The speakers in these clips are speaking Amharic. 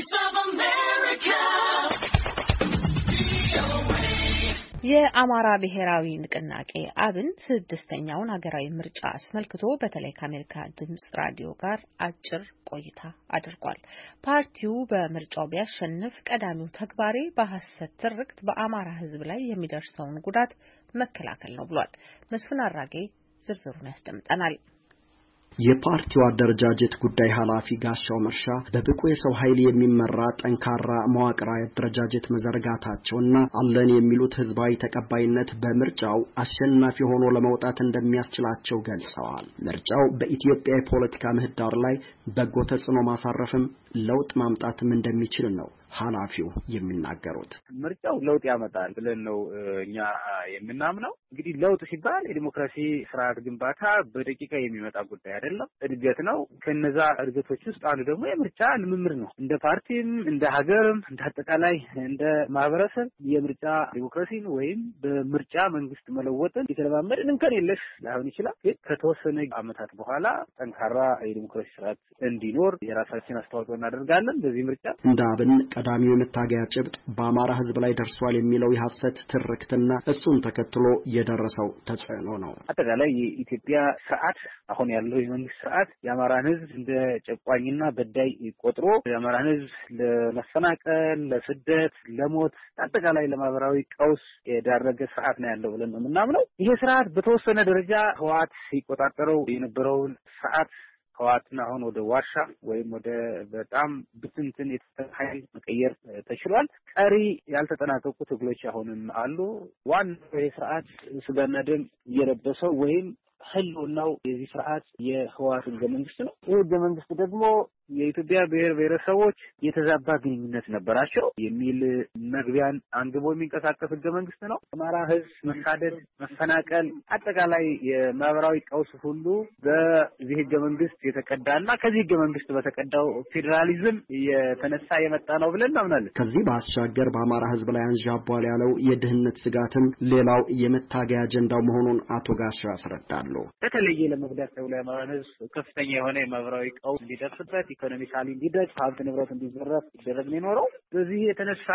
Voice of America. የአማራ ብሔራዊ ንቅናቄ አብን ስድስተኛውን ሀገራዊ ምርጫ አስመልክቶ በተለይ ከአሜሪካ ድምጽ ራዲዮ ጋር አጭር ቆይታ አድርጓል። ፓርቲው በምርጫው ቢያሸንፍ ቀዳሚው ተግባሬ በሐሰት ትርክት በአማራ ሕዝብ ላይ የሚደርሰውን ጉዳት መከላከል ነው ብሏል። መስፍን አራጌ ዝርዝሩን ያስደምጠናል። የፓርቲው አደረጃጀት ጉዳይ ኃላፊ ጋሻው መርሻ በብቁ የሰው ኃይል የሚመራ ጠንካራ መዋቅራዊ አደረጃጀት መዘርጋታቸውና አለን የሚሉት ህዝባዊ ተቀባይነት በምርጫው አሸናፊ ሆኖ ለመውጣት እንደሚያስችላቸው ገልጸዋል። ምርጫው በኢትዮጵያ የፖለቲካ ምህዳር ላይ በጎ ተጽዕኖ ማሳረፍም ለውጥ ማምጣትም እንደሚችል ነው ኃላፊው የሚናገሩት ምርጫው ለውጥ ያመጣል ብለን ነው እኛ የምናምነው። እንግዲህ ለውጥ ሲባል የዲሞክራሲ ስርዓት ግንባታ በደቂቃ የሚመጣ ጉዳይ አይደለም፣ እድገት ነው። ከነዛ እድገቶች ውስጥ አንዱ ደግሞ የምርጫ ልምምድ ነው። እንደ ፓርቲም፣ እንደ ሀገርም፣ እንደ አጠቃላይ እንደ ማህበረሰብ የምርጫ ዲሞክራሲን ወይም በምርጫ መንግስት መለወጥን የተለማመድን እንከን የለሽ ላይሆን ይችላል። ግን ከተወሰነ አመታት በኋላ ጠንካራ የዲሞክራሲ ስርዓት እንዲኖር የራሳችን አስተዋጽኦ እናደርጋለን። በዚህ ምርጫ እንደ አብን ቀዳሚው የመታገያ ጭብጥ በአማራ ህዝብ ላይ ደርሷል የሚለው የሐሰት ትርክትና እሱን ተከትሎ የደረሰው ተጽዕኖ ነው። አጠቃላይ የኢትዮጵያ ስርዓት አሁን ያለው የመንግስት ስርዓት የአማራን ህዝብ እንደ ጨቋኝና በዳይ ቆጥሮ የአማራን ህዝብ ለመፈናቀል፣ ለስደት፣ ለሞት አጠቃላይ ለማህበራዊ ቀውስ የዳረገ ስርዓት ነው ያለው ብለን ነው የምናምነው። ይሄ ስርዓት በተወሰነ ደረጃ ህወሓት ሲቆጣጠረው የነበረውን ስርዓት ህዋትን አሁን ወደ ዋሻ ወይም ወደ በጣም ብትንትን ኃይል መቀየር ተችሏል። ቀሪ ያልተጠናቀቁ ትግሎች አሁንም አሉ። ዋናው ይህ ስርዓት ስጋና ደም እየለበሰው ወይም ህልውናው የዚህ ስርዓት የህዋት ህገ መንግስት ነው። ይህ ህገ መንግስት ደግሞ የኢትዮጵያ ብሔር ብሔረሰቦች የተዛባ ግንኙነት ነበራቸው የሚል መግቢያን አንግቦ የሚንቀሳቀስ ህገ መንግስት ነው። አማራ ህዝብ መሳደድ፣ መፈናቀል፣ አጠቃላይ የማህበራዊ ቀውስ ሁሉ በዚህ ህገ መንግስት የተቀዳ እና ከዚህ ህገ መንግስት በተቀዳው ፌዴራሊዝም የተነሳ የመጣ ነው ብለን እናምናለን። ከዚህ ባሻገር በአማራ ህዝብ ላይ አንዣቧል ያለው የድህነት ስጋትም ሌላው የመታገያ አጀንዳው መሆኑን አቶ ጋሽ ያስረዳሉ። በተለየ ለመጉዳት ተብሎ የአማራን ህዝብ ከፍተኛ የሆነ የማህበራዊ ቀውስ እንዲደርስበት ኢኮኖሚካሊ እንዲደግ ሀብት ንብረት እንዲዘረፍ ሲደረግ ነው የኖረው። በዚህ የተነሳ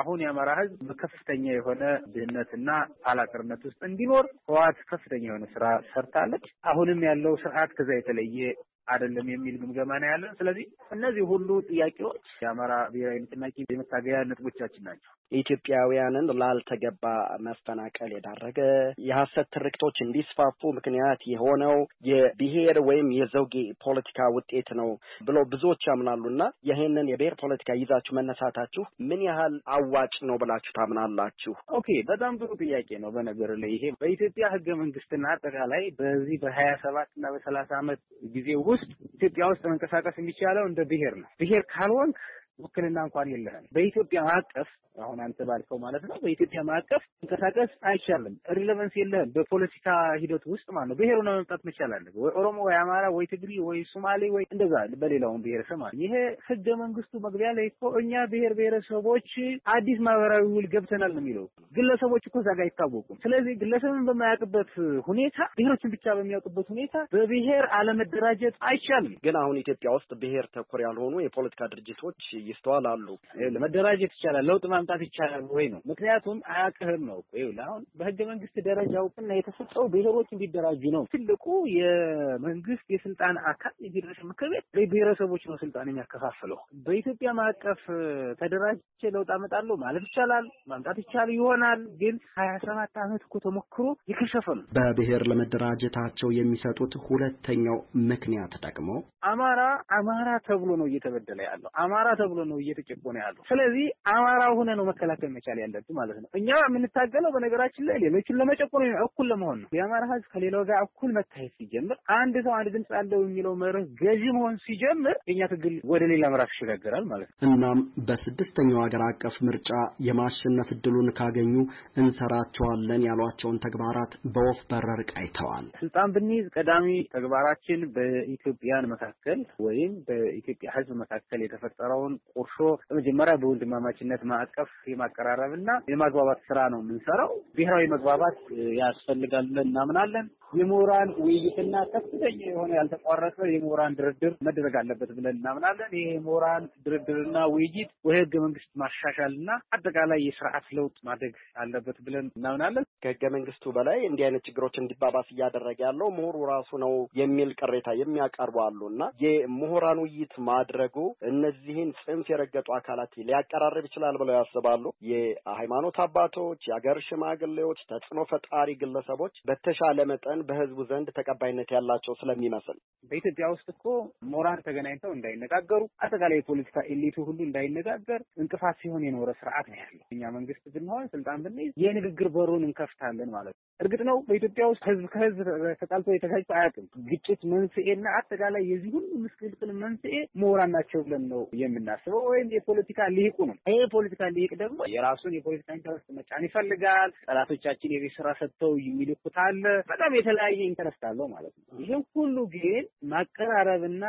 አሁን የአማራ ህዝብ በከፍተኛ የሆነ ድህነትና ኋላቀርነት ውስጥ እንዲኖር ህወሓት ከፍተኛ የሆነ ስራ ሰርታለች። አሁንም ያለው ስርዓት ከዛ የተለየ አይደለም የሚል ግምገማ ነው ያለን። ስለዚህ እነዚህ ሁሉ ጥያቄዎች የአማራ ብሔራዊ ንቅናቄ የመታገያ ነጥቦቻችን ናቸው። ኢትዮጵያውያንን ላልተገባ መፈናቀል የዳረገ የሀሰት ትርክቶች እንዲስፋፉ ምክንያት የሆነው የብሔር ወይም የዘውጌ ፖለቲካ ውጤት ነው ብሎ ብዙዎች ያምናሉ እና ይህንን የብሔር ፖለቲካ ይዛችሁ መነሳታችሁ ምን ያህል አዋጭ ነው ብላችሁ ታምናላችሁ? ኦኬ፣ በጣም ጥሩ ጥያቄ ነው። በነገር ላይ ይሄ በኢትዮጵያ ህገ መንግስትና አጠቃላይ በዚህ በሀያ ሰባት እና በሰላሳ አመት ጊዜ ውስጥ ውስጥ ኢትዮጵያ ውስጥ መንቀሳቀስ የሚቻለው እንደ ብሄር ነው። ብሄር ካልሆንክ ውክልና እንኳን የለህም። በኢትዮጵያ ማዕቀፍ አሁን አንተ ባልከው ማለት ነው። በኢትዮጵያ ማዕቀፍ ተንቀሳቀስ አይቻልም። ሪሌቨንስ የለህም በፖለቲካ ሂደት ውስጥ ማለት ነው። ብሔሩን መምጣት መቻል ወይ ኦሮሞ፣ ወይ አማራ፣ ወይ ትግሪ፣ ወይ ሶማሌ፣ ወይ እንደዛ በሌላውን ብሔረሰብ ማለት ይሄ ህገ መንግስቱ መግቢያ ላይ እኮ እኛ ብሔር ብሔረሰቦች አዲስ ማህበራዊ ውል ገብተናል ነው የሚለው። ግለሰቦች እኮ እዛ ጋር አይታወቁም። ስለዚህ ግለሰብን በማያውቅበት ሁኔታ ብሔሮችን ብቻ በሚያውቅበት ሁኔታ በብሔር አለመደራጀት አይቻልም። ግን አሁን ኢትዮጵያ ውስጥ ብሔር ተኮር ያልሆኑ የፖለቲካ ድርጅቶች አሉ። መደራጀት ይቻላል፣ ለውጥ ማምጣት ይቻላል ወይ ነው። ምክንያቱም አያቅህም ነው። አሁን በህገ መንግስት ደረጃ እውቅና የተሰጠው ብሔሮች እንዲደራጁ ነው። ትልቁ የመንግስት የስልጣን አካል የፌዴሬሽን ምክር ቤት ብሔረሰቦች ነው ስልጣን የሚያከፋፍለው። በኢትዮጵያ ማዕቀፍ ተደራጀ ለውጥ አመጣለሁ ማለት ይቻላል፣ ማምጣት ይቻል ይሆናል። ግን ሀያ ሰባት አመት እኮ ተሞክሮ የከሸፈ ነው። በብሔር ለመደራጀታቸው የሚሰጡት ሁለተኛው ምክንያት ደግሞ አማራ አማራ ተብሎ ነው እየተበደለ ያለው አማራ ተብሎ ተብሎ ነው ነው ያለው። ስለዚህ አማራ ሆነ ነው መከላከል መቻል ያለብን ማለት ነው። እኛ የምንታገለው በነገራችን ላይ ሌሎችን ለመጨቆን ነው፣ እኩል ለመሆን ነው። የአማራ ህዝብ ከሌላው ጋር እኩል መታየት ሲጀምር፣ አንድ ሰው አንድ ድምፅ አለው የሚለው መርህ ገዢ መሆን ሲጀምር፣ የእኛ ትግል ወደ ሌላ ምዕራፍ ይሸጋገራል ማለት ነው። እናም በስድስተኛው ሀገር አቀፍ ምርጫ የማሸነፍ እድሉን ካገኙ እንሰራቸዋለን ያሏቸውን ተግባራት በወፍ በረር ቃኝተዋል። ስልጣን ብንይዝ ቀዳሚ ተግባራችን በኢትዮጵያን መካከል ወይም በኢትዮጵያ ህዝብ መካከል የተፈጠረውን ቁርሾ በመጀመሪያ በወንድማማችነት ማዕቀፍ የማቀራረብና የማግባባት ስራ ነው የምንሰራው። ብሔራዊ መግባባት ያስፈልጋል ብለን እናምናለን። የምሁራን ውይይትና ከፍተኛ የሆነ ያልተቋረጠ የምሁራን ድርድር መደረግ አለበት ብለን እናምናለን። ይህ የምሁራን ድርድርና ውይይት ወይ መንግስት ማሻሻልና አጠቃላይ የስርዓት ለውጥ ማደግ አለበት ብለን እናምናለን። ከህገ መንግስቱ በላይ እንዲህ አይነት ችግሮች እንዲባባስ እያደረገ ያለው ምሁሩ ራሱ ነው የሚል ቅሬታ የሚያቀርቡ አሉ እና የምሁራን ውይይት ማድረጉ እነዚህን ጽ ጽንፍ የረገጡ አካላት ሊያቀራርብ ይችላል ብለው ያስባሉ። የሃይማኖት አባቶች፣ የአገር ሽማግሌዎች፣ ተጽዕኖ ፈጣሪ ግለሰቦች በተሻለ መጠን በህዝቡ ዘንድ ተቀባይነት ያላቸው ስለሚመስል በኢትዮጵያ ውስጥ እኮ ሞራል ተገናኝተው እንዳይነጋገሩ አጠቃላይ የፖለቲካ ኤሊቱ ሁሉ እንዳይነጋገር እንቅፋት ሲሆን የኖረ ስርዓት ነው ያለው። እኛ መንግስት ብንሆን ስልጣን ብንይዝ የንግግር በሩን እንከፍታለን ማለት ነው። እርግጥ ነው በኢትዮጵያ ውስጥ ህዝብ ከህዝብ ተጣልቶ የተጋጭ አያውቅም። ግጭት መንስኤና አጠቃላይ የዚህ ሁሉ ምስቅልቅል መንስኤ ምሁራን ናቸው ብለን ነው የምናስበው፣ ወይም የፖለቲካ ሊቁ ነው። ይህ የፖለቲካ ሊቅ ደግሞ የራሱን የፖለቲካ ኢንተረስት መጫን ይፈልጋል። ጠላቶቻችን የቤት ስራ ሰጥተው የሚልኩት አለ። በጣም የተለያየ ኢንተረስት አለው ማለት ነው። ይህም ሁሉ ግን ማቀራረብና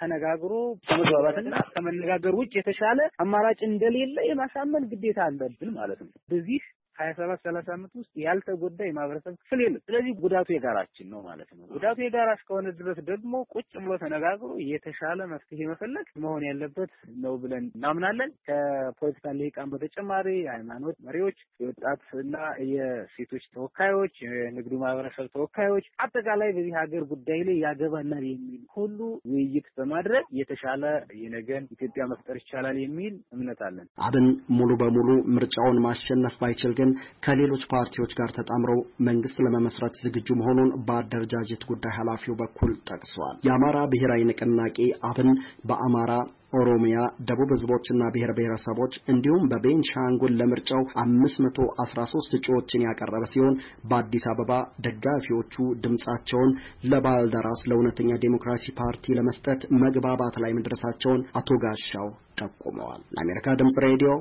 ተነጋግሮ ከመግባባትና ከመነጋገር ውጭ የተሻለ አማራጭ እንደሌለ የማሳመን ግዴታ አለብን ማለት ነው። በዚህ ሀያ ሰባት ሰላሳ አመት ውስጥ ያልተጎዳ የማህበረሰብ ክፍል የለም። ስለዚህ ጉዳቱ የጋራችን ነው ማለት ነው። ጉዳቱ የጋራ እስከሆነ ድረስ ደግሞ ቁጭ ብሎ ተነጋግሮ የተሻለ መፍትሄ መፈለግ መሆን ያለበት ነው ብለን እናምናለን። ከፖለቲካ ልሂቃን በተጨማሪ የሃይማኖት መሪዎች፣ የወጣትና የሴቶች ተወካዮች፣ የንግዱ ማህበረሰብ ተወካዮች አጠቃላይ በዚህ ሀገር ጉዳይ ላይ ያገባናል የሚል ሁሉ ውይይት በማድረግ የተሻለ የነገን ኢትዮጵያ መፍጠር ይቻላል የሚል እምነት አለን። አብን ሙሉ በሙሉ ምርጫውን ማሸነፍ ባይችል ግን ግን ከሌሎች ፓርቲዎች ጋር ተጣምረው መንግስት ለመመስረት ዝግጁ መሆኑን በአደረጃጀት ጉዳይ ኃላፊው በኩል ጠቅሷል። የአማራ ብሔራዊ ንቅናቄ አብን በአማራ ኦሮሚያ፣ ደቡብ ህዝቦችና ብሔር ብሔረሰቦች እንዲሁም በቤንሻንጉል ለምርጫው 513 እጩዎችን ያቀረበ ሲሆን በአዲስ አበባ ደጋፊዎቹ ድምጻቸውን ለባልደራስ ለእውነተኛ ዴሞክራሲ ፓርቲ ለመስጠት መግባባት ላይ መድረሳቸውን አቶ ጋሻው ጠቁመዋል። ለአሜሪካ ድምጽ ሬዲዮ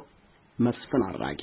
መስፍን አራጌ